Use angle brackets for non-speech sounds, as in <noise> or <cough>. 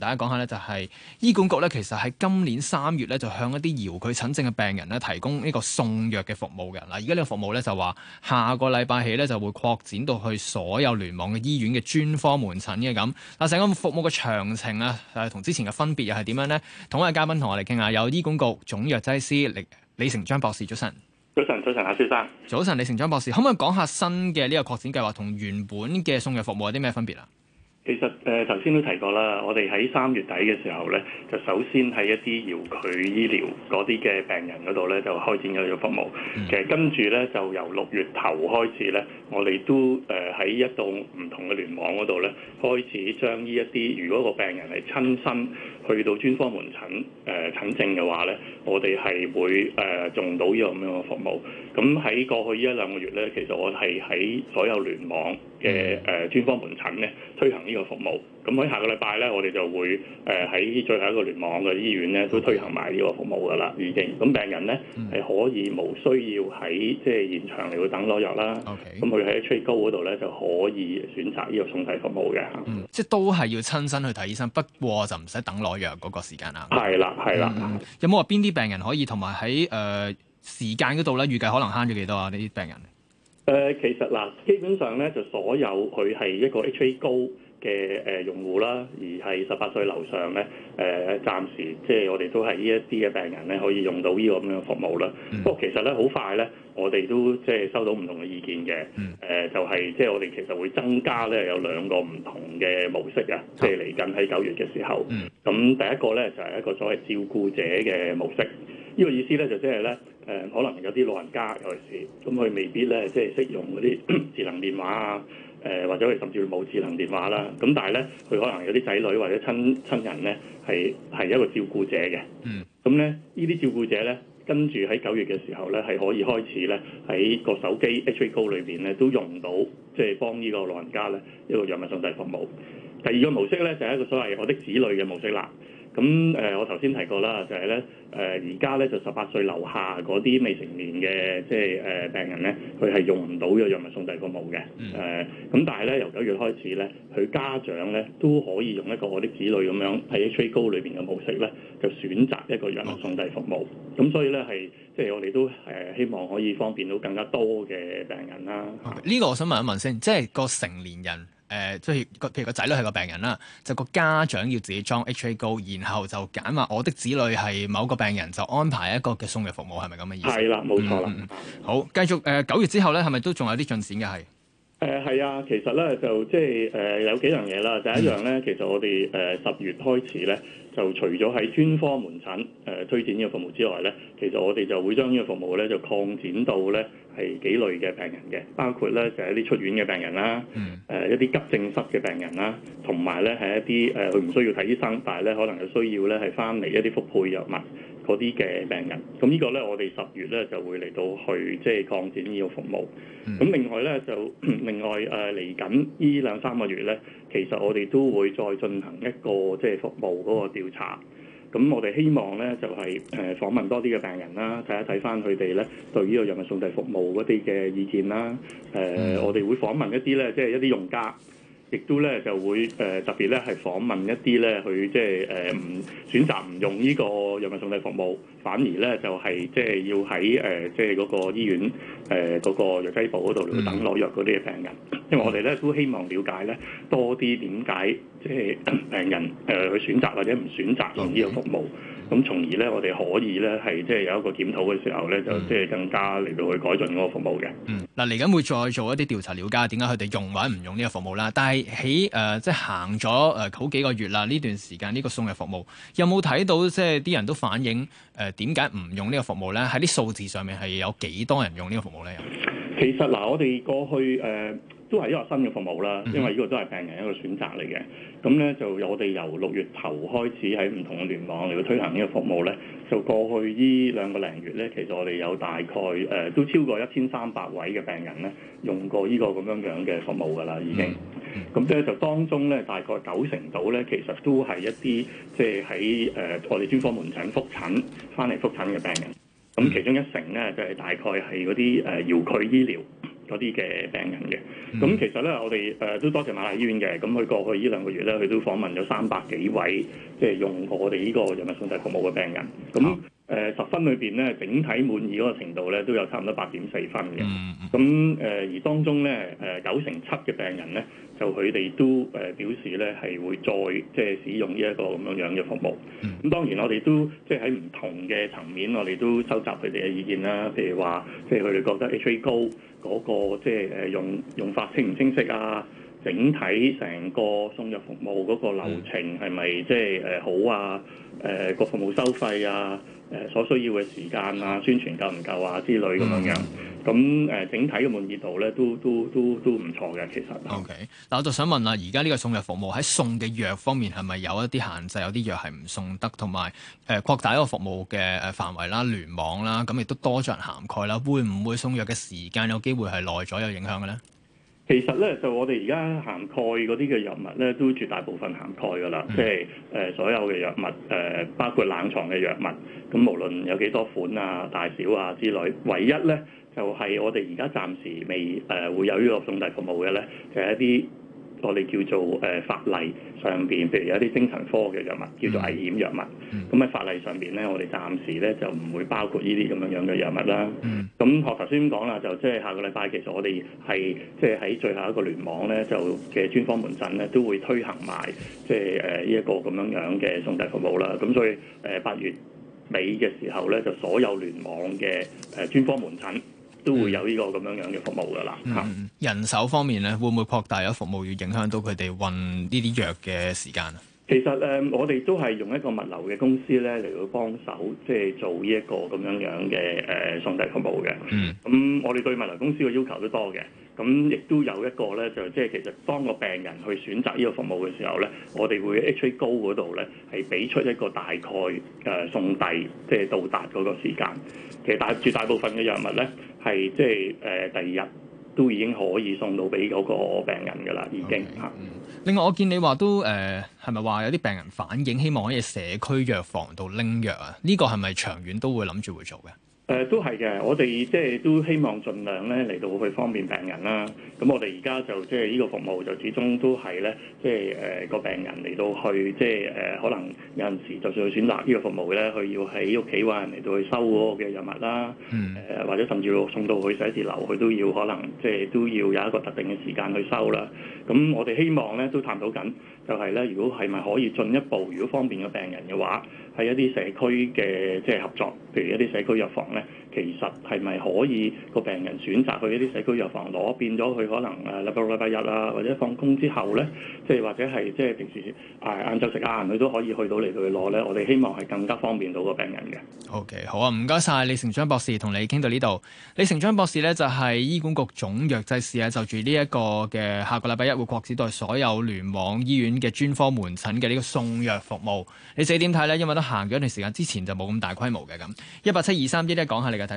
大家講下咧、就係，就係醫管局咧，其實喺今年三月咧，就向一啲遙距診症嘅病人咧，提供呢個送藥嘅服務嘅嗱。而家呢個服務咧，就話下個禮拜起咧，就會擴展到去所有聯網嘅醫院嘅專科門診嘅咁。嗱，成個服務嘅詳情啊，同之前嘅分別又係點樣呢？同一位嘉賓同我哋傾下，有醫管局總藥劑師李李成章博士，早晨。早晨，早晨，啊，先生。早晨，李成章博士，可唔可以講下新嘅呢個擴展計劃同原本嘅送藥服務有啲咩分別啊？其實誒頭先都提過啦，我哋喺三月底嘅時候呢，就首先喺一啲遙距醫療嗰啲嘅病人嗰度呢，就開展咗呢個服務。其實跟住呢，就由六月頭開始呢，我哋都誒喺、呃、一度唔同嘅聯網嗰度呢，開始將呢一啲如果個病人係親身。去到專科門診，誒、呃、診症嘅話咧，我哋係會誒用、呃、到呢個咁樣嘅服務。咁喺過去呢一兩個月咧，其實我係喺所有聯網嘅誒、呃、專科門診咧推行呢個服務。咁喺下個禮拜咧，我哋就會誒喺、呃、最後一個聯網嘅醫院咧，都推行埋呢個服務噶啦，已經。咁病人咧係、嗯、可以無需要喺即係現場嚟到等攞藥啦。咁佢喺 H A 高嗰度咧就可以選擇呢個送遞服務嘅。嗯，即係都係要親身去睇醫生，不過就唔使等攞藥嗰個時間啦。係啦，係啦、嗯。有冇話邊啲病人可以同埋喺誒時間嗰度咧？預計可能慳咗幾多啊？呢啲病人？誒、呃，其實嗱，基本上咧就所有佢係一個 H A 高。嘅誒用戶啦，而係十八歲樓上咧，誒、呃、暫時即係我哋都係呢一啲嘅病人咧，可以用到呢個咁樣嘅服務啦。嗯、不過其實咧，好快咧，我哋都即係收到唔同嘅意見嘅，誒、嗯呃、就係即係我哋其實會增加咧有兩個唔同嘅模式嘅，嗯、即係嚟緊喺九月嘅時候。咁、嗯、第一個咧就係一個所謂照顧者嘅模式，呢、呢個意思咧就即係咧誒可能有啲老人家尤其是，咁佢未必咧即係識用嗰啲 <coughs> 智能電話啊。誒或者佢甚至冇智能電話啦，咁但係呢，佢可能有啲仔女或者親親人呢係係一個照顧者嘅。嗯，咁咧呢啲照顧者呢，跟住喺九月嘅時候呢，係可以開始呢喺個手機 H A 高裏邊咧都用到，即、就、係、是、幫呢個老人家呢一個養護上世服務。第二個模式呢，就係、是、一個所謂我的子女嘅模式啦。咁誒，我頭先提過啦，就係咧誒，而家咧就十八歲樓下嗰啲未成年嘅，即係誒病人咧，佢係用唔到嘅藥物送遞服務嘅。誒、嗯，咁、呃、但係咧，由九月開始咧，佢家長咧都可以用一個我啲子女咁樣喺 HA Go 裏邊嘅模式咧，就選擇一個藥物送遞服務。咁、嗯、所以咧係即係我哋都誒希望可以方便到更加多嘅病人啦。呢個我想問一問先，即係個成年人。誒，即係譬如個仔女係個病人啦，就個家長要自己裝 H A 高，然後就揀話我的子女係某個病人，就安排一個嘅送藥服務，係咪咁嘅意思？係啦，冇錯啦。好，繼續誒九、呃、月之後咧，係咪都仲有啲進展嘅？係誒係啊，其實咧就即係誒有幾樣嘢啦，第一樣咧，嗯、其實我哋誒十月開始咧。就除咗喺專科門診誒、呃、推展呢個服務之外呢，其實我哋就會將呢個服務呢就擴展到呢係幾類嘅病人嘅，包括呢就係、是、一啲出院嘅病人啦，誒、呃、一啲急症室嘅病人啦，同埋呢係一啲誒佢唔需要睇醫生，但係呢可能有需要呢係翻嚟一啲復配藥物。嗰啲嘅病人，咁呢個呢，我哋十月呢就會嚟到去即係、就是、擴展呢個服務。咁另外呢，就另外誒嚟緊呢兩三個月呢，其實我哋都會再進行一個即係、就是、服務嗰個調查。咁我哋希望呢，就係、是、誒、呃、訪問多啲嘅病人啦，睇一睇返佢哋呢對呢個藥物送遞服務嗰啲嘅意見啦。誒、呃，的我哋會訪問一啲呢，即係一啲用家，亦都呢就會誒、呃、特別呢係訪問一啲呢，去即係誒唔選擇唔用呢、這個，藥物送遞服務，反而咧就係即係要喺誒即係嗰個醫院誒嗰個藥劑部嗰度等攞藥嗰啲病人。因為我哋咧都希望了解咧多啲點解即係病人誒去、呃、選擇或者唔選擇用呢個服務，咁 Okay. 從而咧我哋可以咧係即係有一個檢討嘅時候咧，就即係更加嚟到去改進嗰個服務嘅。嗯，嗱嚟緊會再做一啲調查，了解點解佢哋用或者唔用呢個服務啦。但係喺誒即係行咗誒好幾個月啦，呢段時間呢個送藥服務有冇睇到即係啲人都反映誒點解唔用呢個服務咧？喺啲數字上面係有幾多人用呢個服務咧？有其實嗱、呃，我哋過去誒、呃、都係一個新嘅服務啦，因為呢個都係病人一個選擇嚟嘅。咁咧就我由我哋由六月頭開始喺唔同嘅聯網嚟到推行呢個服務咧，就過去兩呢兩個零月咧，其實我哋有大概誒、呃、都超過一千三百位嘅病人咧用過呢個咁樣樣嘅服務噶啦，已經。咁咧就當中咧大概九成到咧，其實都係一啲即係喺誒我哋專科門診復診返嚟復診嘅病人。咁、mm hmm. 其中一成咧，就係、是、大概係嗰啲誒遙距醫療嗰啲嘅病人嘅。咁、mm hmm. 其實咧，我哋誒、呃、都多謝瑪麗醫院嘅。咁佢過去呢兩個月咧，佢都訪問咗三百幾位，即係用過我哋呢個藥物送遞服務嘅病人。咁誒、呃、十分裏邊咧，整體滿意嗰個程度咧，都有差唔多八點四分嘅。咁、嗯、誒、呃，而當中咧，誒、呃、九成七嘅病人咧，就佢哋都誒、呃、表示咧，係會再即係使，使用呢一個咁樣樣嘅服務。咁、嗯、當然我哋都即係喺唔同嘅層面，我哋都收集佢哋嘅意見啦。譬如話，即係佢哋覺得 HA 高嗰、嗰個即係誒用用法清唔清晰啊？整體成個送藥服務嗰個流程係咪即係誒好啊？誒、呃、個服務收費啊？誒、呃、所需要嘅時間啊？宣傳夠唔夠啊？之類咁樣、嗯、樣，咁誒整體嘅滿意度咧都都都都唔錯嘅其實。O K. 嗱我就想問啦，而家呢個送藥服務喺送嘅藥方面係咪有一啲限制？有啲藥係唔送得，同埋誒擴大一個服務嘅誒範圍啦、聯、啊、網啦，咁、啊、亦都多咗人涵蓋啦，會唔會送藥嘅時間有機會係耐咗有影響嘅咧？其實呢，就我哋而家涵蓋嗰啲嘅藥物呢，都絕大部分涵蓋㗎喇，即係、呃、所有嘅藥物，誒、呃、包括冷藏嘅藥物，咁無論有幾多款啊、大小啊之類，唯一呢，就係、是、我哋而家暫時未誒、呃、會有呢個送遞服務嘅呢，就係、是、一啲，我哋叫做誒、呃、法例上邊，譬如有啲精神科嘅藥物叫做危險藥物，咁喺、mm. 法例上邊咧，我哋暫時咧就唔會包括呢啲咁樣樣嘅藥物啦。咁學頭先講啦，就即係下個禮拜，其實我哋係即係喺最後一個聯網咧，就嘅專科門診咧都會推行埋即係誒呢一個咁樣樣嘅送遞服務啦。咁所以誒八、呃、月尾嘅時候咧，就所有聯網嘅誒專科門診。都會有呢個咁樣樣嘅服務噶啦，嗯，人手方面咧會唔會擴大咗服務要影響到佢哋運呢啲藥嘅時間啊？其實誒，我哋都係用一個物流嘅公司咧嚟到幫手，即係做呢一個咁樣樣嘅誒送遞服務嘅。嗯。咁我哋對物流公司嘅要求都多嘅。咁亦都有一個咧，就即係其實當個病人去選擇呢個服務嘅時候咧，我哋會 HA Go 嗰度咧係俾出一個大概誒送遞即係到達嗰個時間。其實大絕大部分嘅藥物咧係即係誒第二日都已經可以送到俾嗰個病人㗎啦，已經嚇。Okay. 另外，我見你話都誒，係咪話有啲病人反映希望喺社區藥房度拎藥啊？呢個係咪長遠都會諗住會做嘅？誒、呃、都係嘅，我哋即係都希望儘量咧嚟到去方便病人啦。咁我哋而家就即係呢個服務就始終都係咧，即係誒個病人嚟到去即係誒可能有陣時就算去選擇呢個服務咧，佢要喺屋企話人嚟到去收嗰個嘅藥物啦。嗯，誒或者甚至乎送到去寫字樓，佢都要可能即係、就是、都要有一個特定嘅時間去收啦。咁我哋希望咧都探討緊，就係咧如果係咪可以進一步，如果方便個病人嘅話。喺一啲社區嘅即係合作，譬如一啲社區藥房咧，其實係咪可以個病人選擇去一啲社區藥房攞？變咗佢可能誒禮拜六、禮拜日啊，或者放工之後咧，即係或者係即係平時誒晏晝食晏，佢、啊啊、都可以去到嚟去攞咧。我哋希望係更加方便到個病人嘅。O.K. 好啊，唔該晒。李成章博士，同你傾到呢度。李成章博士咧就係、是、醫管局總藥劑師啊，就住呢一個嘅下個禮拜一會擴展到所有聯網醫院嘅專科門診嘅呢個送藥服務。你自己點睇咧？因為都。行咗一段時間之前就冇咁大規模嘅咁，11, 一八七二三一一講下你嘅睇。